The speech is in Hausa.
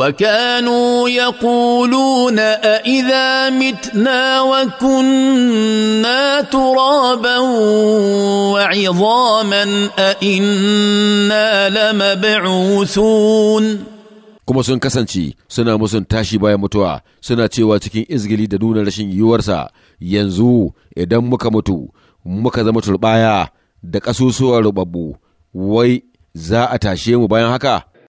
وكانوا يقولون أإذا متنا وكنا ترابا وعظاما أإنا لمبعوثون kuma sun kasance suna musun tashi bayan mutuwa suna cewa cikin izgili da nuna rashin yiwuwarsa yanzu idan muka mutu muka zama turbaya da kasusuwar rubabu wai za a tashe mu bayan haka